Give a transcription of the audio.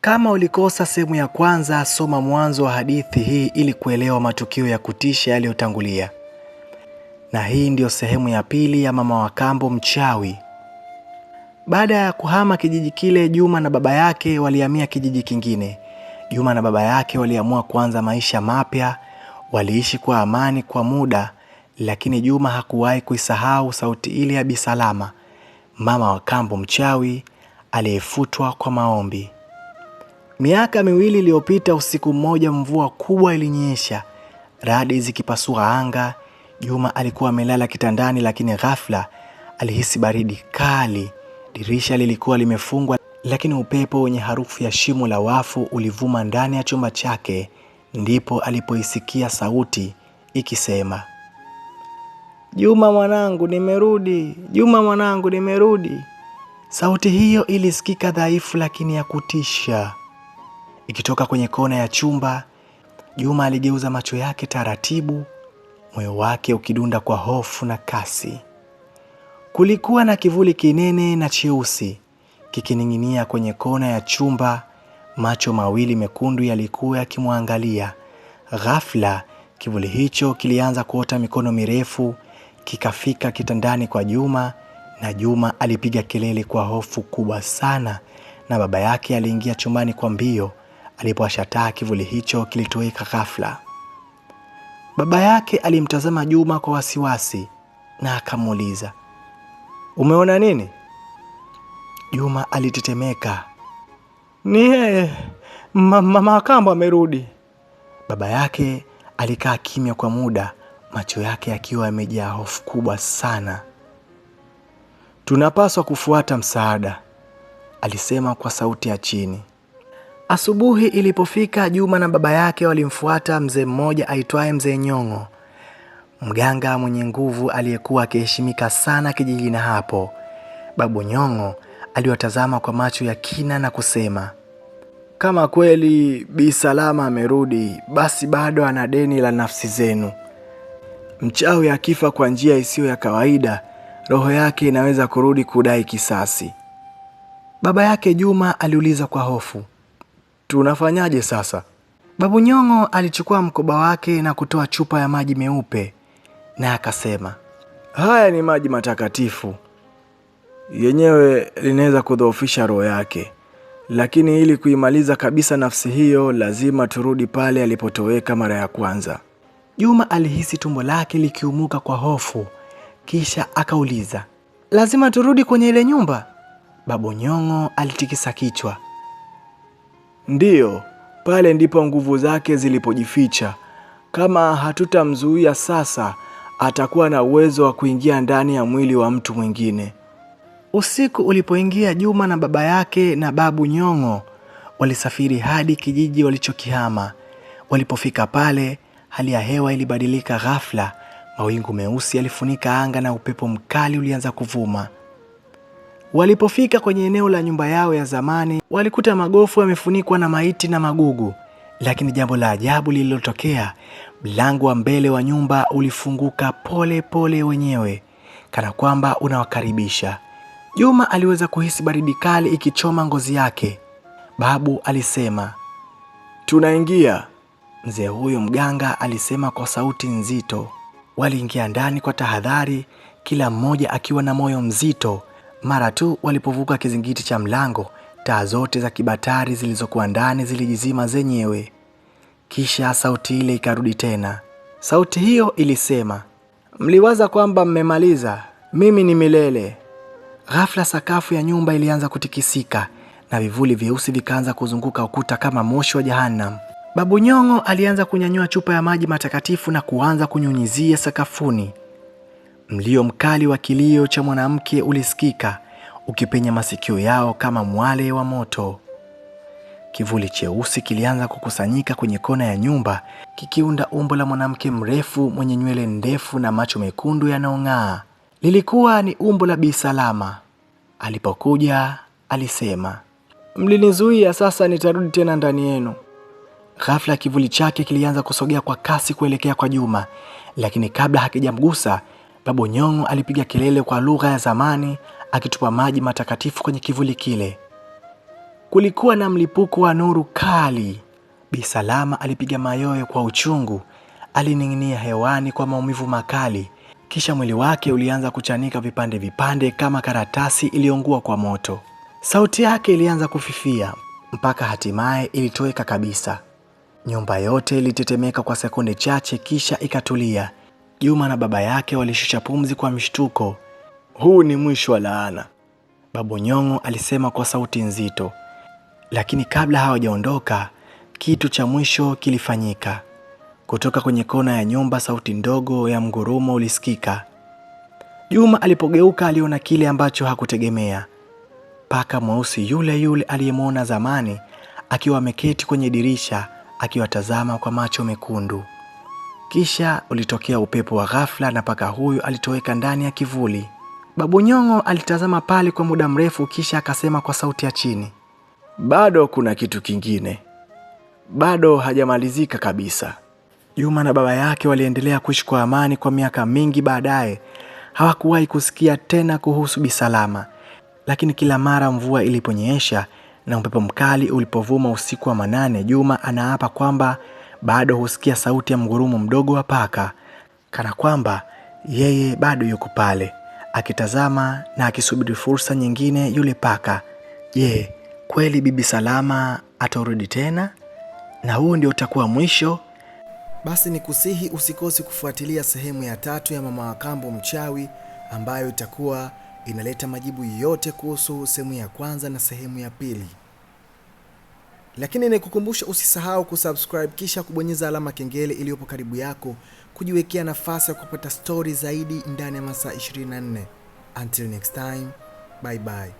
Kama ulikosa sehemu ya kwanza, soma mwanzo wa hadithi hii ili kuelewa matukio ya kutisha yaliyotangulia. Na hii ndiyo sehemu ya pili ya mama wa kambo mchawi. Baada ya kuhama kijiji kile, Juma na baba yake walihamia kijiji kingine. Juma na baba yake waliamua kuanza maisha mapya. Waliishi kwa amani kwa muda, lakini Juma hakuwahi kuisahau sauti ile ya bisalama mama wa kambo mchawi aliyefutwa kwa maombi. Miaka miwili iliyopita, usiku mmoja, mvua kubwa ilinyesha, radi zikipasua anga. Juma alikuwa amelala kitandani, lakini ghafla alihisi baridi kali. Dirisha lilikuwa limefungwa, lakini upepo wenye harufu ya shimo la wafu ulivuma ndani ya chumba chake. Ndipo alipoisikia sauti ikisema, Juma mwanangu, nimerudi. Juma mwanangu, nimerudi. Sauti hiyo ilisikika dhaifu, lakini ya kutisha. Ikitoka kwenye kona ya chumba, Juma aligeuza macho yake taratibu, moyo wake ukidunda kwa hofu na kasi. Kulikuwa na kivuli kinene na cheusi kikining'inia kwenye kona ya chumba. Macho mawili mekundu yalikuwa yakimwangalia. Ghafla kivuli hicho kilianza kuota mikono mirefu, kikafika kitandani kwa Juma na Juma alipiga kelele kwa hofu kubwa sana, na baba yake aliingia chumbani kwa mbio, Alipowashataa kivuli hicho kilitoweka ghafla. Baba yake alimtazama Juma kwa wasiwasi na akamuuliza, umeona nini? Juma alitetemeka. Ni yeye mama Wakambo amerudi. Baba yake alikaa kimya kwa muda, macho yake akiwa yamejaa hofu kubwa sana. Tunapaswa kufuata msaada, alisema kwa sauti ya chini. Asubuhi ilipofika, Juma na baba yake walimfuata mzee mmoja aitwaye mzee Nyong'o, mganga mwenye nguvu aliyekuwa akiheshimika sana kijijini hapo. Babu Nyong'o aliwatazama kwa macho ya kina na kusema, kama kweli Bi Salama amerudi, basi bado ana deni la nafsi zenu. Mchawi akifa kwa njia isiyo ya kawaida, roho yake inaweza kurudi kudai kisasi. Baba yake Juma aliuliza kwa hofu, tunafanyaje sasa? Babu Nyong'o alichukua mkoba wake na kutoa chupa ya maji meupe na akasema, haya ni maji matakatifu, yenyewe linaweza kudhoofisha roho yake, lakini ili kuimaliza kabisa nafsi hiyo, lazima turudi pale alipotoweka mara ya kwanza. Juma alihisi tumbo lake likiumuka kwa hofu, kisha akauliza, lazima turudi kwenye ile nyumba? Babu Nyong'o alitikisa kichwa. Ndiyo, pale ndipo nguvu zake zilipojificha. Kama hatutamzuia sasa, atakuwa na uwezo wa kuingia ndani ya mwili wa mtu mwingine. Usiku ulipoingia, Juma na baba yake na babu Nyong'o walisafiri hadi kijiji walichokihama. Walipofika pale, hali ya hewa ilibadilika ghafla. Mawingu meusi yalifunika anga na upepo mkali ulianza kuvuma. Walipofika kwenye eneo la nyumba yao ya zamani, walikuta magofu yamefunikwa na maiti na magugu. Lakini jambo la ajabu lililotokea, mlango wa mbele wa nyumba ulifunguka pole pole wenyewe, kana kwamba unawakaribisha. Juma aliweza kuhisi baridi kali ikichoma ngozi yake. Babu alisema, tunaingia. Mzee huyo mganga alisema kwa sauti nzito. Waliingia ndani kwa tahadhari, kila mmoja akiwa na moyo mzito mara tu walipovuka kizingiti cha mlango, taa zote za kibatari zilizokuwa ndani zilijizima zenyewe. Kisha sauti ile ikarudi tena. Sauti hiyo ilisema, mliwaza kwamba mmemaliza, mimi ni milele. Ghafla sakafu ya nyumba ilianza kutikisika na vivuli vyeusi vikaanza kuzunguka ukuta kama moshi wa Jahannam. Babu Nyong'o alianza kunyanyua chupa ya maji matakatifu na kuanza kunyunyizia sakafuni. Mlio mkali wa kilio cha mwanamke ulisikika ukipenya masikio yao kama mwale wa moto. Kivuli cheusi kilianza kukusanyika kwenye kona ya nyumba kikiunda umbo la mwanamke mrefu mwenye nywele ndefu na macho mekundu yanayong'aa. Lilikuwa ni umbo la Bi Salama. Alipokuja alisema, mlinizuia, sasa nitarudi tena ndani yenu. Ghafla kivuli chake kilianza kusogea kwa kasi kuelekea kwa Juma, lakini kabla hakijamgusa Babu Nyong'o alipiga kelele kwa lugha ya zamani akitupa maji matakatifu kwenye kivuli kile. Kulikuwa na mlipuko wa nuru kali. Bi Salama alipiga mayowe kwa uchungu, alining'inia hewani kwa maumivu makali, kisha mwili wake ulianza kuchanika vipande vipande kama karatasi iliyoungua kwa moto. Sauti yake ilianza kufifia mpaka hatimaye ilitoweka kabisa. Nyumba yote ilitetemeka kwa sekunde chache, kisha ikatulia, Juma na baba yake walishusha pumzi kwa mshtuko. Huu ni mwisho wa laana, Babu Nyong'o alisema kwa sauti nzito. Lakini kabla hawajaondoka, kitu cha mwisho kilifanyika. Kutoka kwenye kona ya nyumba, sauti ndogo ya mgurumo ulisikika. Juma alipogeuka, aliona kile ambacho hakutegemea. Paka mweusi yule yule aliyemwona zamani akiwa ameketi kwenye dirisha akiwatazama kwa macho mekundu. Kisha ulitokea upepo wa ghafla na paka huyu alitoweka ndani ya kivuli. Babu Nyong'o alitazama pale kwa muda mrefu, kisha akasema kwa sauti ya chini, bado kuna kitu kingine, bado hajamalizika kabisa. Juma na baba yake waliendelea kuishi kwa amani kwa miaka mingi baadaye. Hawakuwahi kusikia tena kuhusu Bisalama, lakini kila mara mvua iliponyeesha na upepo mkali ulipovuma usiku wa manane, Juma anaapa kwamba bado husikia sauti ya mgurumo mdogo wa paka, kana kwamba yeye bado yuko pale akitazama na akisubiri fursa nyingine. Yule paka, je, kweli Bibi Salama atarudi tena? Na huu ndio utakuwa mwisho? Basi nikusihi usikosi kufuatilia sehemu ya tatu ya Mama wakambo Mchawi ambayo itakuwa inaleta majibu yote kuhusu sehemu ya kwanza na sehemu ya pili. Lakini nikukumbusha usisahau kusubscribe kisha kubonyeza alama kengele iliyopo karibu yako kujiwekea nafasi ya kupata stori zaidi ndani ya masaa 24. Until next time, bye bye.